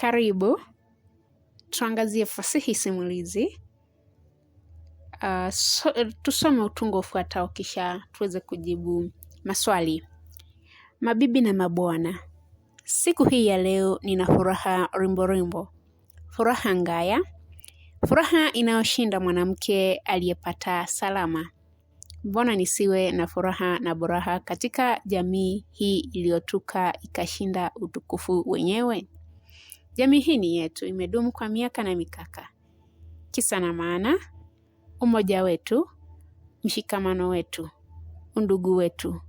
Karibu tuangazie fasihi simulizi. Uh, so, tusome utungo ufuatao kisha tuweze kujibu maswali. Mabibi na mabwana, siku hii ya leo nina furaha rimborimbo, furaha ngaya, furaha inayoshinda mwanamke aliyepata salama. Mbona nisiwe na furaha na buraha katika jamii hii iliyotuka ikashinda utukufu wenyewe? Jamii hii ni yetu, imedumu kwa miaka na mikaka. Kisa na maana, umoja wetu, mshikamano wetu, undugu wetu,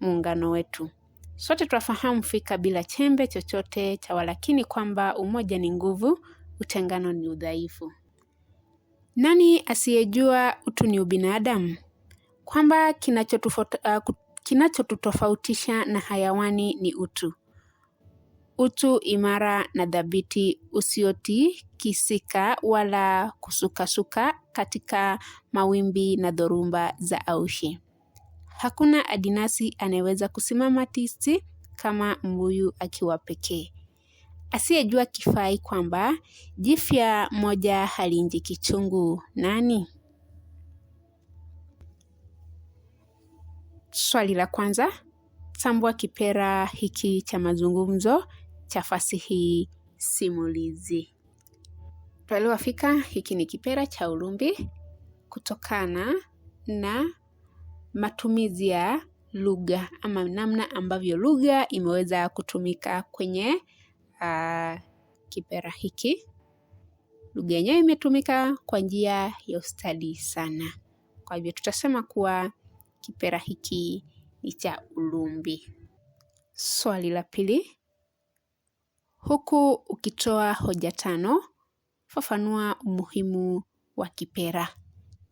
muungano wetu. Sote twafahamu fika bila chembe chochote cha walakini kwamba umoja ni nguvu, utengano ni udhaifu. Nani asiyejua utu ni ubinadamu, kwamba uh, kinachotutofautisha uh, kinacho na hayawani ni utu utu imara na dhabiti kisika wala kusukasuka katika mawimbi na dhorumba za aushi. Hakuna adinasi anayeweza kusimama tisti kama mbuyu akiwa pekee, asiyejua kifai kwamba jifya moja halinji kichungu nani? Swali la kwanza: tambua kipera hiki cha mazungumzo cha fasihi simulizi. Twaliwafika, hiki ni kipera cha ulumbi kutokana na matumizi ya lugha ama namna ambavyo lugha imeweza kutumika kwenye uh, kipera hiki. Lugha yenyewe imetumika kwa njia ya ustadi sana. Kwa hivyo tutasema kuwa kipera hiki ni cha ulumbi. Swali la pili, huku ukitoa hoja tano. Fafanua umuhimu wa kipera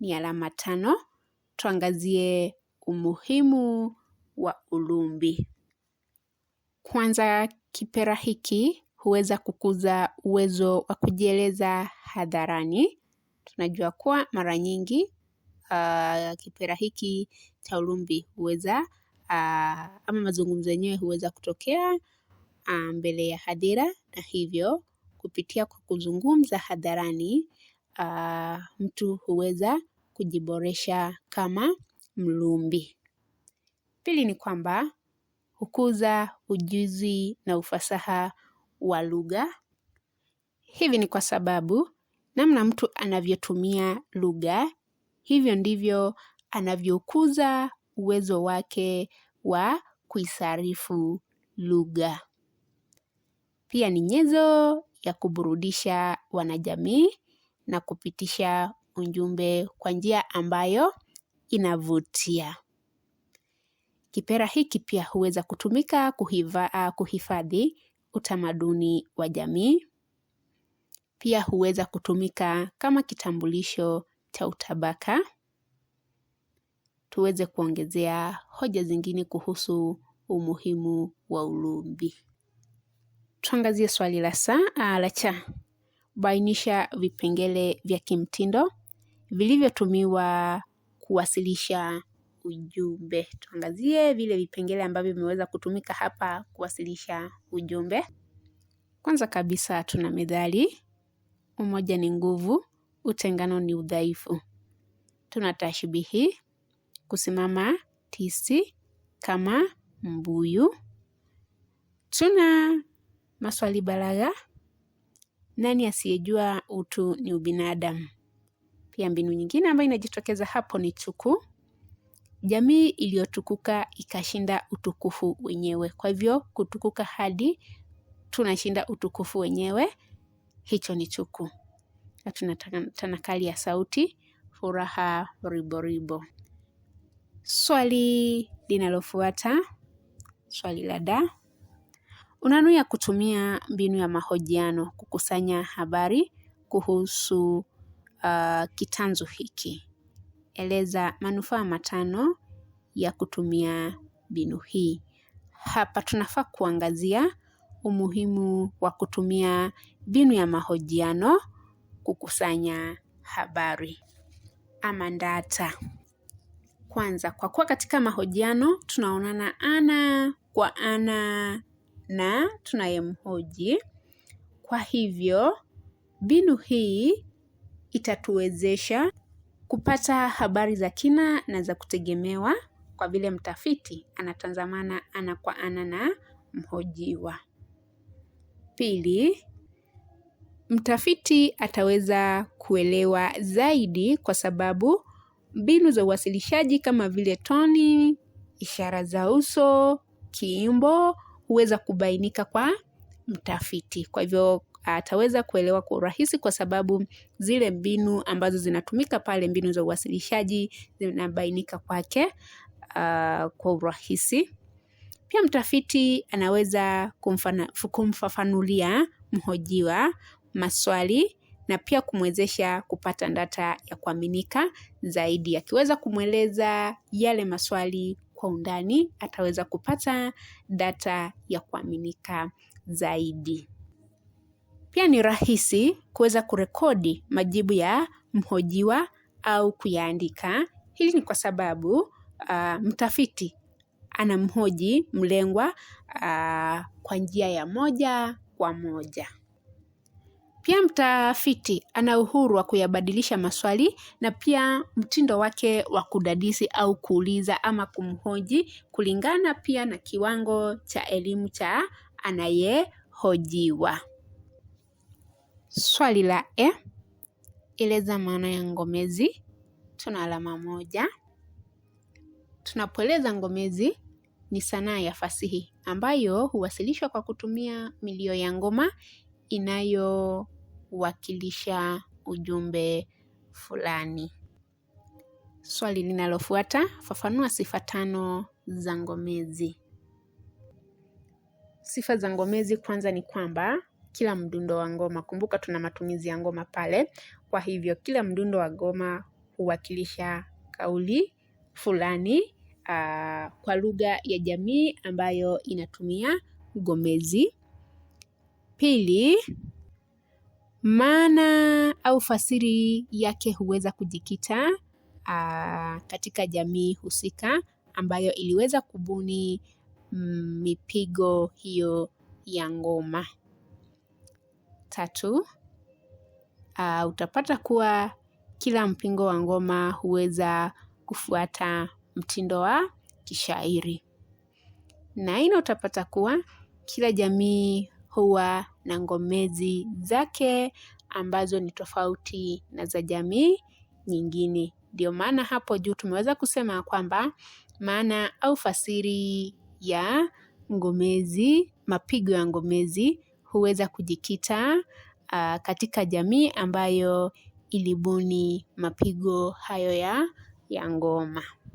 ni alama tano. Tuangazie umuhimu wa ulumbi. Kwanza, kipera hiki huweza kukuza uwezo wa kujieleza hadharani. Tunajua kuwa mara nyingi uh, kipera hiki cha ulumbi huweza uh, ama mazungumzo yenyewe huweza kutokea mbele ya hadhira na hivyo kupitia kwa kuzungumza hadharani mtu huweza kujiboresha kama mlumbi. Pili ni kwamba hukuza ujuzi na ufasaha wa lugha. Hivi ni kwa sababu namna mtu anavyotumia lugha, hivyo ndivyo anavyokuza uwezo wake wa kuisarifu lugha. Pia ni nyenzo ya kuburudisha wanajamii na kupitisha ujumbe kwa njia ambayo inavutia. Kipera hiki pia huweza kutumika kuhifadhi utamaduni wa jamii. Pia huweza kutumika kama kitambulisho cha utabaka. Tuweze kuongezea hoja zingine kuhusu umuhimu wa ulumbi. Tuangazie swali la saa ah, la cha bainisha vipengele vya kimtindo vilivyotumiwa kuwasilisha ujumbe. Tuangazie vile vipengele ambavyo vimeweza kutumika hapa kuwasilisha ujumbe. Kwanza kabisa tuna methali, umoja ni nguvu, utengano ni udhaifu. Tuna tashbihi, kusimama tisi kama mbuyu. Tuna Maswali balagha, nani asiyejua utu ni ubinadamu? Pia mbinu nyingine ambayo inajitokeza hapo ni chuku jamii iliyotukuka ikashinda utukufu wenyewe. Kwa hivyo kutukuka hadi tunashinda utukufu wenyewe, hicho ni chuku Na tuna tanakali ya sauti, furaha riboribo. Swali linalofuata, swali la da unanuia kutumia mbinu ya mahojiano kukusanya habari kuhusu uh, kitanzu hiki. Eleza manufaa matano ya kutumia mbinu hii. Hapa tunafaa kuangazia umuhimu wa kutumia mbinu ya mahojiano kukusanya habari ama data. Kwanza, kwa kuwa katika mahojiano tunaonana ana kwa ana na tunayemhoji. Kwa hivyo, mbinu hii itatuwezesha kupata habari za kina na za kutegemewa kwa vile mtafiti anatazamana ana kwa ana na mhojiwa. Pili, mtafiti ataweza kuelewa zaidi kwa sababu mbinu za uwasilishaji kama vile toni, ishara za uso, kiimbo huweza kubainika kwa mtafiti. Kwa hivyo ataweza kuelewa kwa urahisi kwa sababu zile mbinu ambazo zinatumika pale, mbinu za uwasilishaji zinabainika kwake uh, kwa urahisi. Pia mtafiti anaweza kumfana, kumfafanulia mhojiwa maswali na pia kumwezesha kupata data ya kuaminika zaidi, akiweza kumweleza yale maswali kwa undani ataweza kupata data ya kuaminika zaidi. Pia ni rahisi kuweza kurekodi majibu ya mhojiwa au kuyaandika. Hili ni kwa sababu uh, mtafiti anamhoji mlengwa uh, kwa njia ya moja kwa moja. Pia mtafiti ana uhuru wa kuyabadilisha maswali na pia mtindo wake wa kudadisi au kuuliza ama kumhoji kulingana pia na kiwango cha elimu cha anayehojiwa. Swali la E, eleza maana ya ngomezi. Tuna alama moja. Tunapoeleza ngomezi ni sanaa ya fasihi ambayo huwasilishwa kwa kutumia milio ya ngoma inayo kuwakilisha ujumbe fulani. Swali linalofuata, fafanua sifa tano za ngomezi. Sifa za ngomezi kwanza ni kwamba kila mdundo wa ngoma, kumbuka tuna matumizi ya ngoma pale. Kwa hivyo kila mdundo wa ngoma huwakilisha kauli fulani aa, kwa lugha ya jamii ambayo inatumia ngomezi. Pili, maana au fasiri yake huweza kujikita katika jamii husika ambayo iliweza kubuni mm, mipigo hiyo ya ngoma. Tatu, utapata kuwa kila mpingo wa ngoma huweza kufuata mtindo wa kishairi. Na ina utapata kuwa kila jamii huwa na ngomezi zake ambazo ni tofauti na za jamii nyingine. Ndio maana hapo juu tumeweza kusema kwamba maana au fasiri ya ngomezi, mapigo ya ngomezi huweza kujikita uh, katika jamii ambayo ilibuni mapigo hayo ya ya ngoma.